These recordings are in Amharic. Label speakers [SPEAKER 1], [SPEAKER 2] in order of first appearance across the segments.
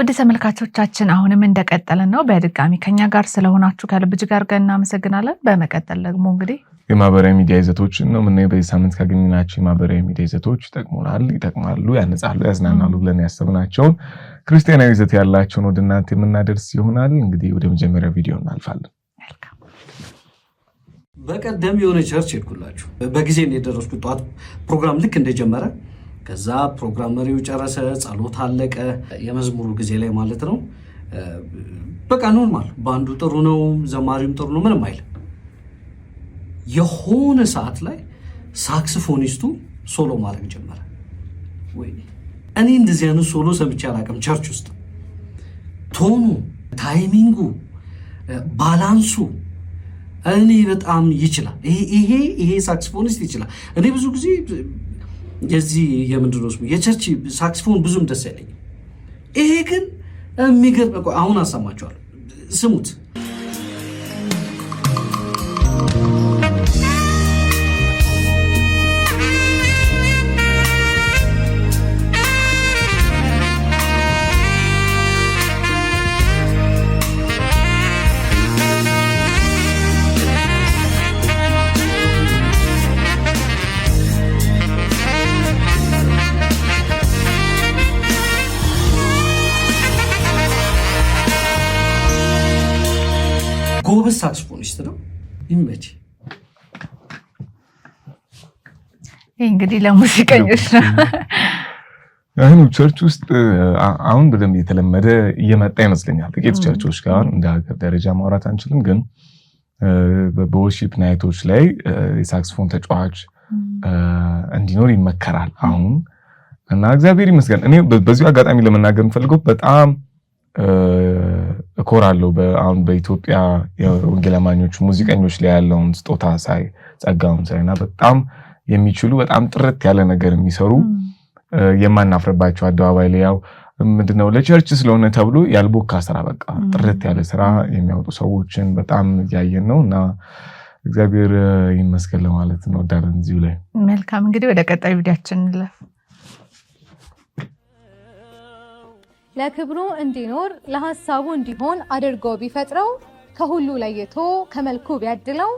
[SPEAKER 1] ውድ ተመልካቾቻችን አሁንም እንደቀጠለን ነው። በድጋሚ ከኛ ጋር ስለሆናችሁ ከልብ እጅግ አድርገን እናመሰግናለን። በመቀጠል ደግሞ እንግዲህ
[SPEAKER 2] የማህበራዊ ሚዲያ ይዘቶችን ነው ምን በዚህ ሳምንት ካገኘናቸው የማህበራዊ ሚዲያ ይዘቶች ይጠቅሙናል፣ ይጠቅማሉ፣ ያነጻሉ፣ ያዝናናሉ ብለን ያሰብናቸውን ክርስቲያናዊ ይዘት ያላቸውን ወደ እናንተ የምናደርስ ይሆናል። እንግዲህ ወደ መጀመሪያ ቪዲዮ እናልፋለን።
[SPEAKER 3] በቀደም የሆነ ቸርች ሄድኩላችሁ። በጊዜ የደረስኩ ጠዋት ፕሮግራም ልክ እንደጀመረ ከዛ ፕሮግራም መሪው ጨረሰ፣ ጸሎት አለቀ፣ የመዝሙሩ ጊዜ ላይ ማለት ነው። በቃ ኖርማል በአንዱ ጥሩ ነው፣ ዘማሪውም ጥሩ ነው፣ ምንም አይል። የሆነ ሰዓት ላይ ሳክስፎኒስቱ ሶሎ ማድረግ ጀመረ። እኔ እንደዚህ አይነት ሶሎ ሰምቼ አላውቅም። ቸርች ውስጥ ቶኑ፣ ታይሚንጉ፣ ባላንሱ እኔ በጣም ይችላል ይሄ ይሄ ሳክስፎኒስት ይችላል። እኔ ብዙ ጊዜ የዚህ የምንድን ስሙ የቸርች ሳክስፎን ብዙም ደስ ያለኝ። ይሄ ግን የሚገርም አሁን አሰማችኋለሁ፣ ስሙት።
[SPEAKER 1] እንግዲህ ለሙዚቀኞች ነው።
[SPEAKER 2] አሁን ቸርች ውስጥ አሁን በደንብ እየተለመደ እየመጣ ይመስለኛል። ጥቂት ቸርቾች ጋር እንደ ሀገር ደረጃ ማውራት አንችልም፣ ግን በወርሺፕ ናይቶች ላይ የሳክስፎን ተጫዋች እንዲኖር ይመከራል አሁን እና እግዚአብሔር ይመስገን። እኔ በዚሁ አጋጣሚ ለመናገር የምፈልገው በጣም እኮራለሁ አሁን በኢትዮጵያ የወንጌል አማኞች ሙዚቀኞች ላይ ያለውን ስጦታ ሳይ ጸጋውን ሳይና በጣም የሚችሉ በጣም ጥርት ያለ ነገር የሚሰሩ የማናፍርባቸው አደባባይ ላይ ያው ምንድነው ለቸርች ስለሆነ ተብሎ ያልቦካ ስራ በቃ ጥርት ያለ ስራ የሚያወጡ ሰዎችን በጣም እያየን ነው እና እግዚአብሔር ይመስገን ለማለት እንወዳለን። እዚሁ ላይ
[SPEAKER 1] መልካም እንግዲህ ወደ ቀጣይ ቪዲያችን እንለፍ። ለክብሩ እንዲኖር ለሀሳቡ እንዲሆን አድርጎ ቢፈጥረው ከሁሉ ለይቶ ከመልኩ ቢያድለው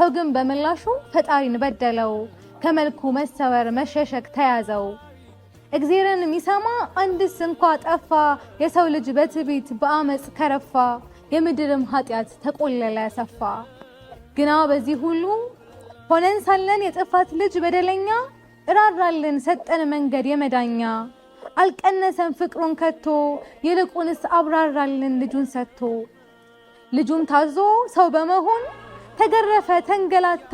[SPEAKER 1] ሰው ግን በምላሹ ፈጣሪን በደለው። ከመልኩ መሰወር መሸሸግ ተያዘው። እግዜርን የሚሰማ አንድስ እንኳ ጠፋ። የሰው ልጅ በትዕቢት በአመፅ ከረፋ፣ የምድርም ኃጢአት ተቆለለ ሰፋ። ግና በዚህ ሁሉ ሆነን ሳለን የጥፋት ልጅ በደለኛ እራራልን ሰጠን መንገድ የመዳኛ አልቀነሰን ፍቅሩን ከቶ ይልቁንስ አብራራልን ልጁን ሰጥቶ ልጁም ታዞ ሰው በመሆን ተገረፈ ተንገላታ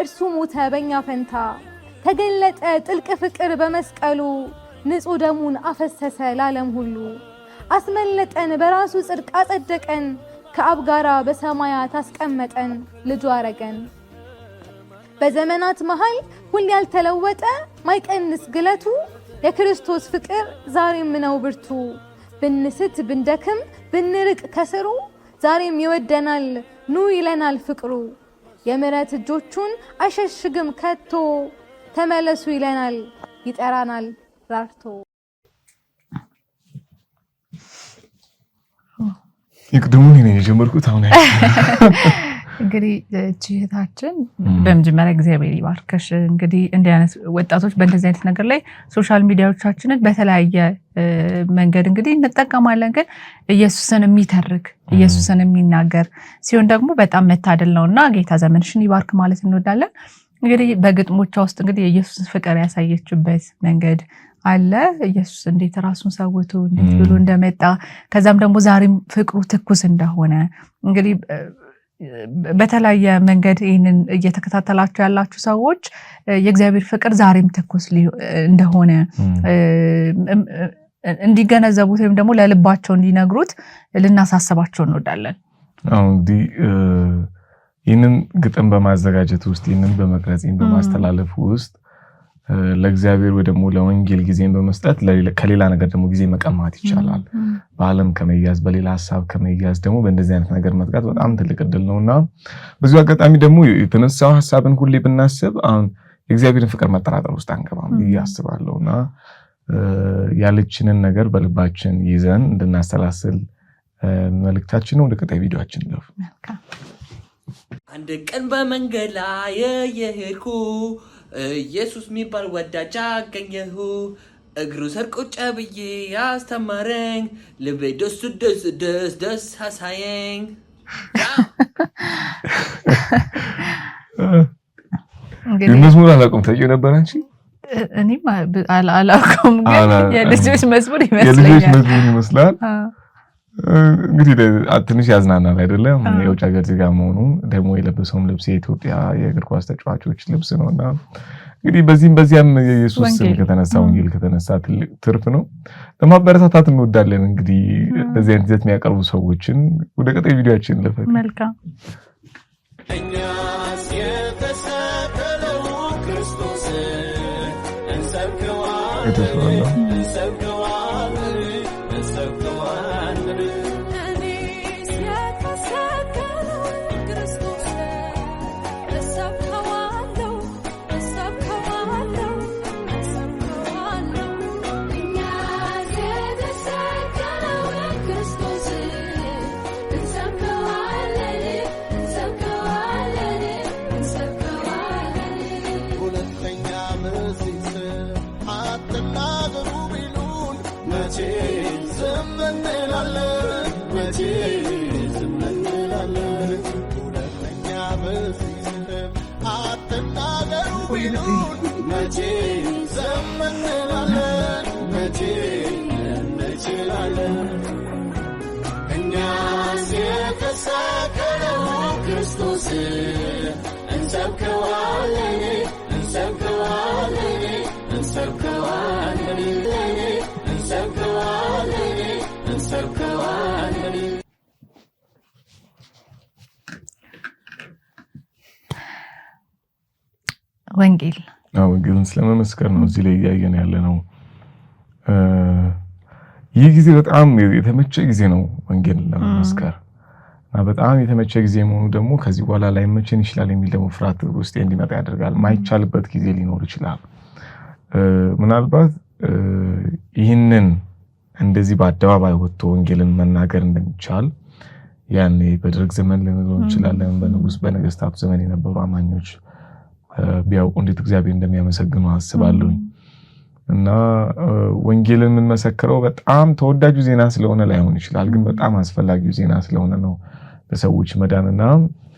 [SPEAKER 1] እርሱ ሞተ በእኛ ፈንታ። ተገለጠ ጥልቅ ፍቅር በመስቀሉ ንጹሕ ደሙን አፈሰሰ ላለም ሁሉ። አስመለጠን በራሱ ጽድቅ አጸደቀን ከአብ ጋራ በሰማያት አስቀመጠን ልጁ አረገን። በዘመናት መሃል ሁል ያልተለወጠ ማይቀንስ ግለቱ የክርስቶስ ፍቅር ዛሬም ነው ብርቱ። ብንስት ብንደክም ብንርቅ ከስሩ ዛሬም ይወደናል ኑ ይለናል ፍቅሩ የምረት እጆቹን አሸሽግም ከቶ ተመለሱ ይለናል ይጠራናል ራርቶ።
[SPEAKER 2] ይቅድሙን እኔ የጀመርኩት አሁን
[SPEAKER 1] እንግዲህ ችህታችን በመጀመሪያ እግዚአብሔር ይባርከሽ። እንግዲህ እንዲህ አይነት ወጣቶች በእንደዚህ አይነት ነገር ላይ ሶሻል ሚዲያዎቻችንን በተለያየ መንገድ እንግዲህ እንጠቀማለን። ግን ኢየሱስን የሚተርክ ኢየሱስን የሚናገር ሲሆን ደግሞ በጣም መታደል ነው እና ጌታ ዘመንሽን ይባርክ ማለት እንወዳለን። እንግዲህ በግጥሞቿ ውስጥ እንግዲህ የኢየሱስን ፍቅር ያሳየችበት መንገድ አለ። ኢየሱስ እንዴት ራሱን ሰውቶ እንዴት ብሎ እንደመጣ ከዛም ደግሞ ዛሬም ፍቅሩ ትኩስ እንደሆነ እንግዲህ በተለያየ መንገድ ይህንን እየተከታተላችሁ ያላችሁ ሰዎች የእግዚአብሔር ፍቅር ዛሬም ትኩስ እንደሆነ እንዲገነዘቡት ወይም ደግሞ ለልባቸው እንዲነግሩት ልናሳስባቸው እንወዳለን።
[SPEAKER 2] እንግዲህ ይህንን ግጥም በማዘጋጀት ውስጥ ይህንን በመቅረጽ በማስተላለፍ ውስጥ ለእግዚአብሔር ወይ ደግሞ ለወንጌል ጊዜን በመስጠት ከሌላ ነገር ደግሞ ጊዜ መቀማት ይቻላል። በዓለም ከመያዝ በሌላ ሀሳብ ከመያዝ ደግሞ በእንደዚህ አይነት ነገር መጥቃት በጣም ትልቅ እድል ነው እና በዚሁ አጋጣሚ ደግሞ የተነሳው ሀሳብን ሁሌ ብናስብ አሁን የእግዚአብሔርን ፍቅር መጠራጠር ውስጥ አንገባም ብዬ አስባለሁ እና ያለችንን ነገር በልባችን ይዘን እንድናሰላስል መልእክታችን ነው። ወደ ቀጣይ ቪዲዮችን
[SPEAKER 4] አንድ ቀን በመንገድ ላይ የሄድኩ ኢየሱስ የሚባል ወዳጅ አገኘሁ እግሩ ሰርቆጫ ብዬ ያስተማረኝ ልቤ ደስ ደስ ደስ ደስ አሳየኝ።
[SPEAKER 2] መዝሙር አላውቅም ታውቂው ነበር አንቺ?
[SPEAKER 1] እኔም አላውቅም፣ ግን የልጆች መዝሙር ይመስለኛል። የልጆች
[SPEAKER 2] መዝሙር ይመስላል። እንግዲህ ትንሽ ያዝናናል አይደለም? የውጭ ሀገር ዜጋ መሆኑ ደግሞ የለበሰውም ልብስ የኢትዮጵያ የእግር ኳስ ተጫዋቾች ልብስ ነው እና እንግዲህ በዚህም በዚያም የኢየሱስ ስም ከተነሳ ወንጌል ከተነሳ ትልቅ ትርፍ ነው። ለማበረታታት እንወዳለን። እንግዲህ በዚህ አይነት ይዘት የሚያቀርቡ ሰዎችን ወደ ቀጣይ ቪዲዮችን ልፈት
[SPEAKER 1] መልካም
[SPEAKER 5] የተሰቀለው ክርስቶስ እንሰብከዋለን
[SPEAKER 1] ወንጌል
[SPEAKER 2] ወንጌልን ስለመመስከር ነው እዚህ ላይ እያየን ያለ ነው። ይህ ጊዜ በጣም የተመቸ ጊዜ ነው ወንጌልን ለመመስከር በጣም የተመቸ ጊዜ መሆኑ ደግሞ ከዚህ በኋላ ላይመቸን ይችላል የሚል ደግሞ ፍርሃት ውስጤ እንዲመጣ ያደርጋል። ማይቻልበት ጊዜ ሊኖር ይችላል። ምናልባት ይህንን እንደዚህ በአደባባይ ወጥቶ ወንጌልን መናገር እንደሚቻል ያኔ በደርግ ዘመን ልንለው እንችላለን። በንጉስ በነገስታቱ ዘመን የነበሩ አማኞች ቢያውቁ እንዴት እግዚአብሔር እንደሚያመሰግኑ አስባለሁኝ። እና ወንጌልን የምንመሰክረው በጣም ተወዳጁ ዜና ስለሆነ ላይሆን ይችላል፣ ግን በጣም አስፈላጊው ዜና ስለሆነ ነው። በሰዎች መዳንና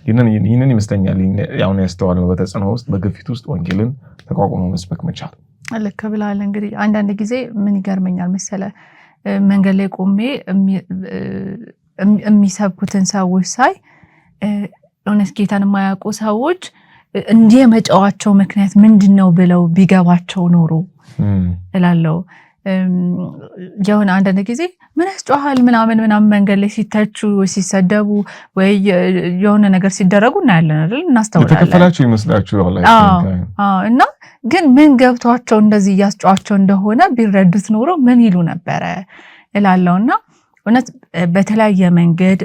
[SPEAKER 2] ይህንን ይመስለኛል አሁን ያስተዋል ነው በተጽዕኖ ውስጥ በግፊት ውስጥ ወንጌልን ተቋቁሞ መስበክ መቻል።
[SPEAKER 1] ልክ ብለሃል። እንግዲህ አንዳንድ ጊዜ ምን ይገርመኛል መሰለ መንገድ ላይ ቆሜ የሚሰብኩትን ሰዎች ሳይ እውነት ጌታን የማያውቁ ሰዎች እንዲህ የመጫዋቸው ምክንያት ምንድን ነው ብለው ቢገባቸው ኖሮ እላለው? የሆነ አንዳንድ ጊዜ ምን ያስጮሃል ምናምን ምናምን መንገድ ላይ ሲተቹ ሲሰደቡ ወይ የሆነ ነገር ሲደረጉ እናያለን አይደል? እናስተውላለን።
[SPEAKER 2] የተከፈላቸው
[SPEAKER 1] እና ግን ምን ገብቷቸው እንደዚህ እያስጨዋቸው እንደሆነ ቢረዱት ኖሮ ምን ይሉ ነበረ እላለው እና እውነት በተለያየ መንገድ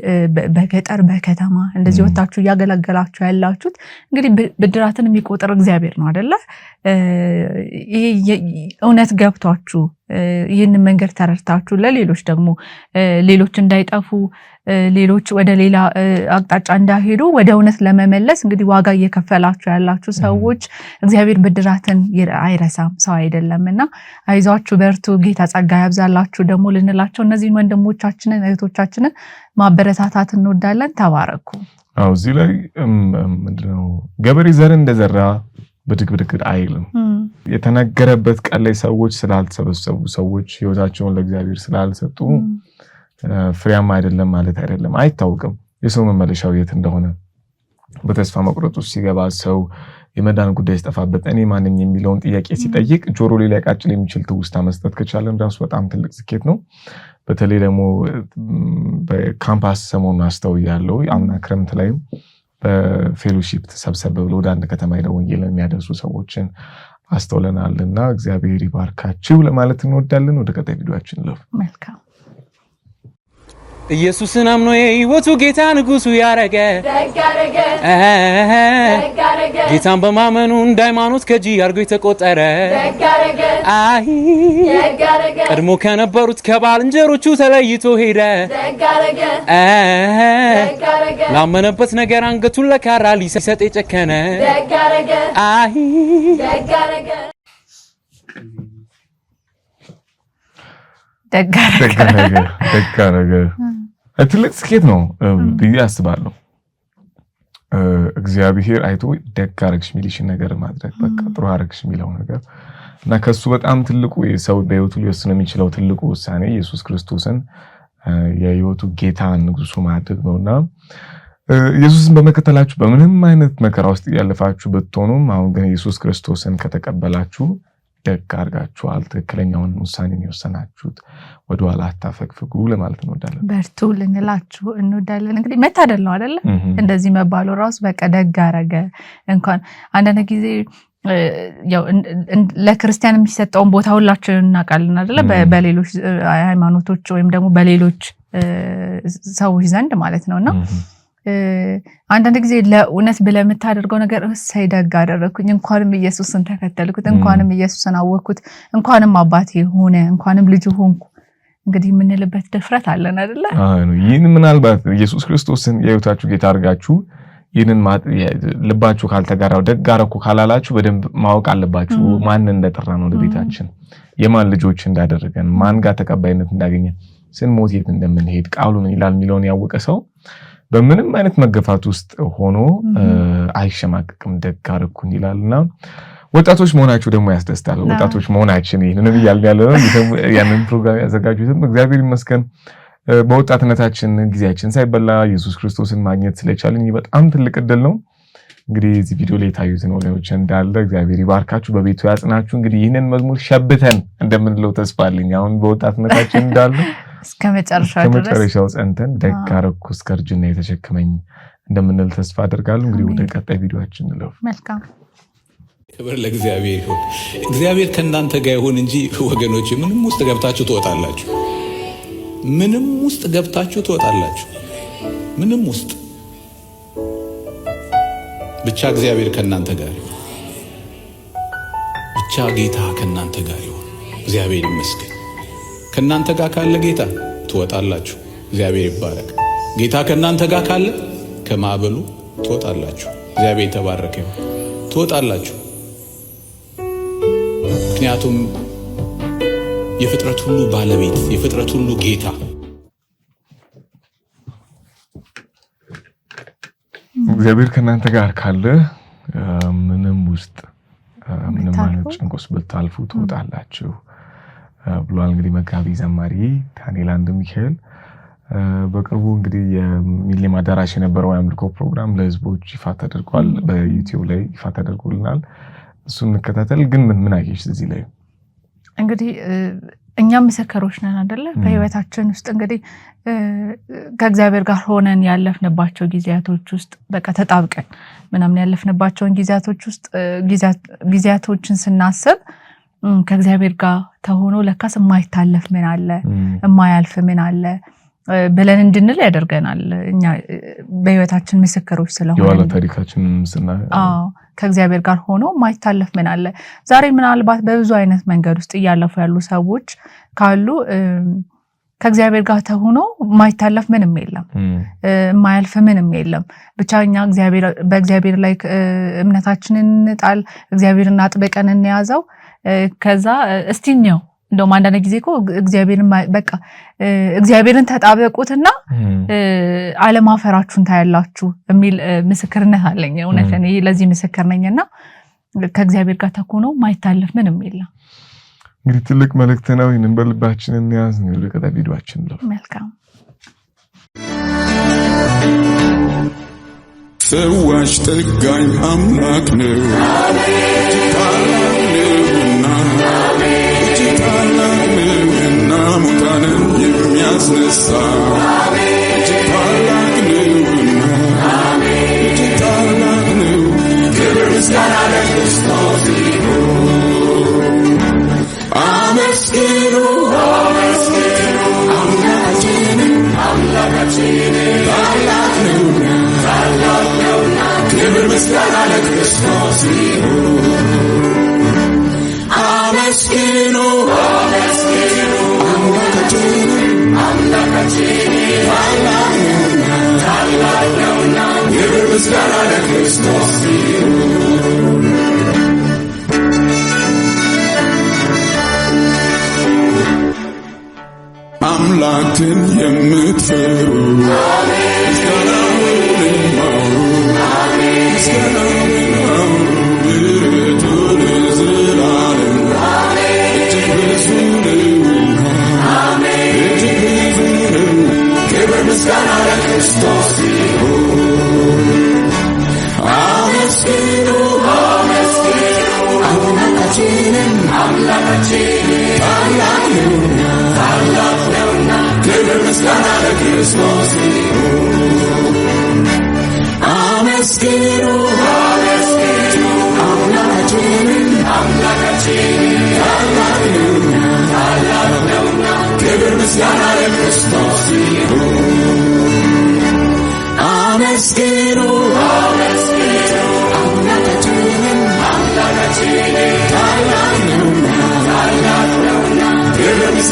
[SPEAKER 1] በገጠር በከተማ እንደዚህ ወታችሁ እያገለገላችሁ ያላችሁት እንግዲህ ብድራትን የሚቆጥር እግዚአብሔር ነው አደለ? እውነት ገብቷችሁ ይህንን መንገድ ተረድታችሁ ለሌሎች ደግሞ ሌሎች እንዳይጠፉ ሌሎች ወደ ሌላ አቅጣጫ እንዳይሄዱ ወደ እውነት ለመመለስ እንግዲህ ዋጋ እየከፈላችሁ ያላችሁ ሰዎች እግዚአብሔር ብድራትን አይረሳም ሰው አይደለም እና አይዟችሁ፣ በርቱ፣ ጌታ ጸጋ ያብዛላችሁ ደግሞ ልንላቸው እነዚህን ወንድሞቻችንን እህቶቻችንን ማበረታታት እንወዳለን። ተባረኩ።
[SPEAKER 2] እዚህ ላይ ምንድነው ገበሬ ዘር እንደዘራ ብድግ ብድግ አይልም። የተነገረበት ቀን ላይ ሰዎች ስላልተሰበሰቡ፣ ሰዎች ህይወታቸውን ለእግዚአብሔር ስላልሰጡ ፍሬያማ አይደለም ማለት አይደለም። አይታወቅም የሰው መመለሻው የት እንደሆነ። በተስፋ መቁረጥ ውስጥ ሲገባ ሰው የመዳን ጉዳይ ሲጠፋበት እኔ ማንኝ የሚለውን ጥያቄ ሲጠይቅ ጆሮ ላይ ሊያቃጭል የሚችል ትውስታ መስጠት ከቻለን ራሱ በጣም ትልቅ ስኬት ነው። በተለይ ደግሞ በካምፓስ ሰሞኑን አስተውያለሁ። አምና ክረምት ላይም በፌሎሺፕ ተሰብሰብ ብሎ ወደ አንድ ከተማ ሄደው ወንጌልን የሚያደርሱ ሰዎችን አስተውለናል እና እግዚአብሔር ይባርካችሁ ለማለት እንወዳለን። ወደ ቀጣይ ቪዲዮችን ልፍ።
[SPEAKER 1] መልካም
[SPEAKER 4] ኢየሱስን አምኖ የህይወቱ ጌታ ንጉሱ ያረገ ጌታን በማመኑ እንደ ሃይማኖት ከጂ አድርጎ የተቆጠረ አይ ቀድሞ ከነበሩት ከባልንጀሮቹ ተለይቶ ሄደ። ላመነበት ነገር አንገቱን ለካራ ሊሰጥ የጨከነ አይ
[SPEAKER 1] ደጋ
[SPEAKER 2] ነገር ትልቅ ስኬት ነው ብዬ አስባለሁ። እግዚአብሔር አይቶ ደግ አረግሽ የሚልሽን ነገር ማድረግ በቃ ጥሩ አረግሽ የሚለው ነገር እና ከሱ በጣም ትልቁ ሰው በህይወቱ ሊወስን የሚችለው ትልቁ ውሳኔ ኢየሱስ ክርስቶስን የህይወቱ ጌታ ንጉሱ ማድረግ ነውና ኢየሱስን በመከተላችሁ በምንም አይነት መከራ ውስጥ እያለፋችሁ ብትሆኑም አሁን ግን ኢየሱስ ክርስቶስን ከተቀበላችሁ ደግ አድርጋችኋል፣ ትክክለኛውን ውሳኔን የወሰናችሁት፣ ወደኋላ አታፈግፍጉ ለማለት እንወዳለን።
[SPEAKER 1] በርቱ ልንላችሁ እንወዳለን። እንግዲህ መታደል ነው አይደለ? እንደዚህ መባሉ ራሱ በቃ ደግ አረገ። እንኳን አንዳንድ ጊዜ ለክርስቲያን የሚሰጠውን ቦታ ሁላችን እናውቃለን አይደለ? በሌሎች ሃይማኖቶች ወይም ደግሞ በሌሎች ሰዎች ዘንድ ማለት ነው እና አንዳንድ ጊዜ ለእውነት ብለህ የምታደርገው ነገር እሰይ ደግ አደረግኩኝ፣ እንኳንም ኢየሱስን ተከተልኩት፣ እንኳንም ኢየሱስን አወቅኩት፣ እንኳንም አባቴ ሆነ፣ እንኳንም ልጅ ሆንኩ እንግዲህ የምንልበት ድፍረት አለን አይደለ?
[SPEAKER 2] ይህን ምናልባት ኢየሱስ ክርስቶስን የህይወታችሁ ጌታ አድርጋችሁ ይህንን ልባችሁ ካልተጋራው ደግ አደረኩ ካላላችሁ በደንብ ማወቅ አለባችሁ ማንን ነው ወደ ቤታችን፣ የማን ልጆች እንዳደረገን፣ ማን ጋር ተቀባይነት እንዳገኘን ስንሞት የት እንደምንሄድ ቃሉ ምን ይላል የሚለውን ያወቀ ሰው በምንም አይነት መገፋት ውስጥ ሆኖ አይሸማቅቅም። ደግ አደረኩኝ እና ወጣቶች መሆናችሁ ደግሞ ያስደስታል። ወጣቶች መሆናችን ይህንንም እያልን ያለ ነው። ያንን ፕሮግራም ያዘጋጁትም እግዚአብሔር ይመስገን በወጣትነታችን ጊዜያችን ሳይበላ ኢየሱስ ክርስቶስን ማግኘት ስለቻልን በጣም ትልቅ እድል ነው። እንግዲህ እዚህ ቪዲዮ ላይ የታዩትን ወላጆች እንዳለ እግዚአብሔር ይባርካችሁ፣ በቤቱ ያጽናችሁ። እንግዲህ ይህንን መዝሙር ሸብተን እንደምንለው ተስፋ አለኝ። አሁን በወጣትነታችን እንዳለ እስከ ጸንተን ደግ አደረኩ እስከ እርጅና የተሸከመኝ እንደምንል ተስፋ አድርጋለሁ እንግዲህ ወደ ቀጣይ ቪዲዮችን እንለፍ።
[SPEAKER 1] መልካም
[SPEAKER 6] ክብር ለእግዚአብሔር ይሁን። እግዚአብሔር ከእናንተ ጋር ይሁን እንጂ ወገኖች፣ ምንም ውስጥ ገብታችሁ ትወጣላችሁ። ምንም ውስጥ ገብታችሁ ትወጣላችሁ። ምንም ውስጥ ብቻ እግዚአብሔር ከእናንተ ጋር ይሁን። ብቻ ጌታ ከእናንተ ጋር ይሁን። እግዚአብሔር ይመስገን። ከእናንተ ጋር ካለ ጌታ ትወጣላችሁ። እግዚአብሔር ይባረክ። ጌታ ከእናንተ ጋር ካለ ከማዕበሉ ትወጣላችሁ። እግዚአብሔር የተባረከ ይሁን። ትወጣላችሁ። ምክንያቱም የፍጥረት ሁሉ ባለቤት የፍጥረት ሁሉ ጌታ
[SPEAKER 2] እግዚአብሔር ከእናንተ ጋር ካለ ምንም ውስጥ ምንም አይነት ጭንቅ ውስጥ ብታልፉ ትወጣላችሁ። ብሏል። እንግዲህ መጋቢ ዘማሪ ዳንኤል አንድ ሚካኤል በቅርቡ እንግዲህ የሚሊም አዳራሽ የነበረው የአምልኮ ፕሮግራም ለህዝቦች ይፋ ተደርጓል። በዩቲዩብ ላይ ይፋ ተደርጎልናል። እሱ እንከታተል። ግን ምን ምን አየሽ እዚህ ላይ?
[SPEAKER 1] እንግዲህ እኛም ምስክሮች ነን አደለ? በህይወታችን ውስጥ እንግዲህ ከእግዚአብሔር ጋር ሆነን ያለፍንባቸው ጊዜያቶች ውስጥ በቃ ተጣብቀን ምናምን ያለፍንባቸውን ጊዜያቶች ውስጥ ጊዜያቶችን ስናስብ ከእግዚአብሔር ጋር ተሆኖ ለካስ የማይታለፍ ምን አለ የማያልፍ ምን አለ ብለን እንድንል ያደርገናል። እኛ በህይወታችን ምስክሮች ስለሆነ ታሪካችን ከእግዚአብሔር ጋር ሆኖ የማይታለፍ ምን አለ። ዛሬ ምናልባት በብዙ አይነት መንገድ ውስጥ እያለፉ ያሉ ሰዎች ካሉ ከእግዚአብሔር ጋር ተሆኖ የማይታለፍ ምንም የለም፣ የማያልፍ ምንም የለም። ብቻ እኛ በእግዚአብሔር ላይ እምነታችንን እንጣል፣ እግዚአብሔርን አጥብቀን እንያዘው። ከዛ እስቲኛው እንደውም አንዳንድ ጊዜ እኮ እግዚአብሔርን በቃ እግዚአብሔርን ተጣበቁትና አለማፈራችሁን ታያላችሁ የሚል ምስክርነት አለኝ። እውነት እኔ ለዚህ ምስክር ነኝና ከእግዚአብሔር ጋር ተኮኖ ማይታለፍ ምንም የለም።
[SPEAKER 2] እንግዲህ ትልቅ መልእክት ነው። ይህንን በልባችን እንያዝ። ነው ቪዲዮችን ለ
[SPEAKER 1] መልካም
[SPEAKER 7] ፈዋሽ ጠጋኝ አምላክ ነው። jasny stan. الدنيا متفاوت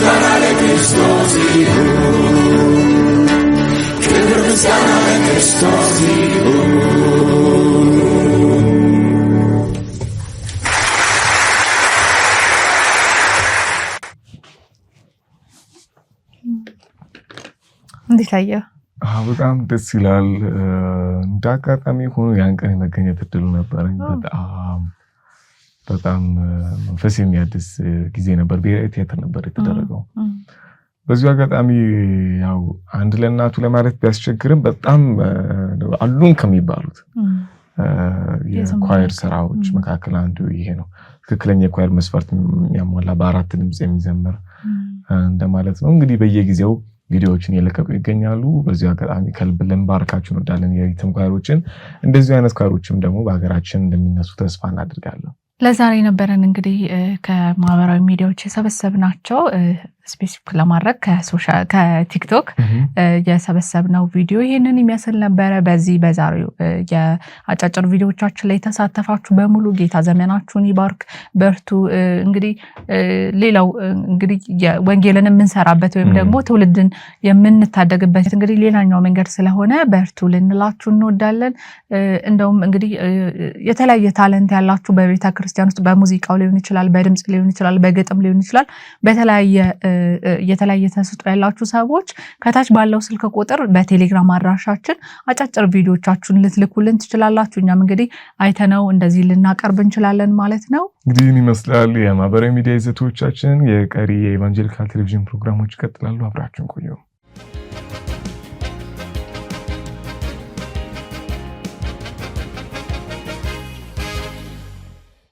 [SPEAKER 7] ምስጋና ለክርስቶስ ይሁን፣ ክብር ምስጋና ለክርስቶስ ይሁን።
[SPEAKER 1] እንዴት አየኸው?
[SPEAKER 2] በጣም ደስ ይላል። እንደ አጋጣሚ ሆኖ ያን ቀን የመገኘት እድሉ ነበረኝ። በጣም በጣም መንፈስ የሚያድስ ጊዜ ነበር። ብሔራዊ ቲያትር ነበር የተደረገው። በዚሁ አጋጣሚ ያው አንድ ለእናቱ ለማለት ቢያስቸግርም በጣም አሉን ከሚባሉት የኳየር ስራዎች መካከል አንዱ ይሄ ነው። ትክክለኛ የኳየር መስፈርት ያሟላ በአራት ድምፅ የሚዘምር እንደማለት ነው። እንግዲህ በየጊዜው ቪዲዮዎችን እየለቀቁ ይገኛሉ። በዚሁ አጋጣሚ ከልብ ልንባርካችሁ እንወዳለን የሪትም ኳየሮችን። እንደዚሁ አይነት ኳየሮችም ደግሞ በሀገራችን እንደሚነሱ ተስፋ እናድርጋለን።
[SPEAKER 1] ለዛሬ የነበረን እንግዲህ ከማህበራዊ ሚዲያዎች የሰበሰብናቸው ስፔሲፊክ ለማድረግ ከቲክቶክ የሰበሰብነው ቪዲዮ ይህንን የሚያስል ነበረ። በዚህ በዛሬው የአጫጭር ቪዲዮዎቻችን ላይ የተሳተፋችሁ በሙሉ ጌታ ዘመናችሁን ይባርክ፣ በርቱ። እንግዲህ ሌላው እንግዲህ ወንጌልን የምንሰራበት ወይም ደግሞ ትውልድን የምንታደግበት እንግዲህ ሌላኛው መንገድ ስለሆነ በርቱ ልንላችሁ እንወዳለን። እንደውም እንግዲህ የተለያየ ታለንት ያላችሁ በቤተ ክርስቲያን ውስጥ በሙዚቃው ሊሆን ይችላል፣ በድምፅ ሊሆን ይችላል፣ በግጥም ሊሆን ይችላል፣ በተለያየ የተለያየ ተሰጥኦ ያላችሁ ሰዎች ከታች ባለው ስልክ ቁጥር በቴሌግራም አድራሻችን አጫጭር ቪዲዮቻችሁን ልትልኩልን ትችላላችሁ። እኛም እንግዲህ አይተነው እንደዚህ ልናቀርብ እንችላለን ማለት ነው።
[SPEAKER 2] እንግዲህ ይመስላል የማህበራዊ ሚዲያ ይዘቶቻችን። የቀሪ የኢቫንጀሊካል ቴሌቪዥን ፕሮግራሞች ይቀጥላሉ። አብራችን ቆዩ።